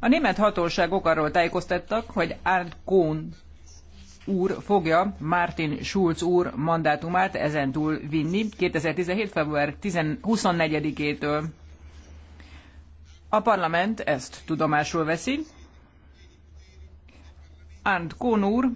A német hatóságok arról tájékoztattak, hogy Arndt Kohn úr fogja Martin Schulz úr mandátumát ezentúl vinni 2017. február 24-től. A parlament ezt tudomásul veszi. Arndt Kohn úr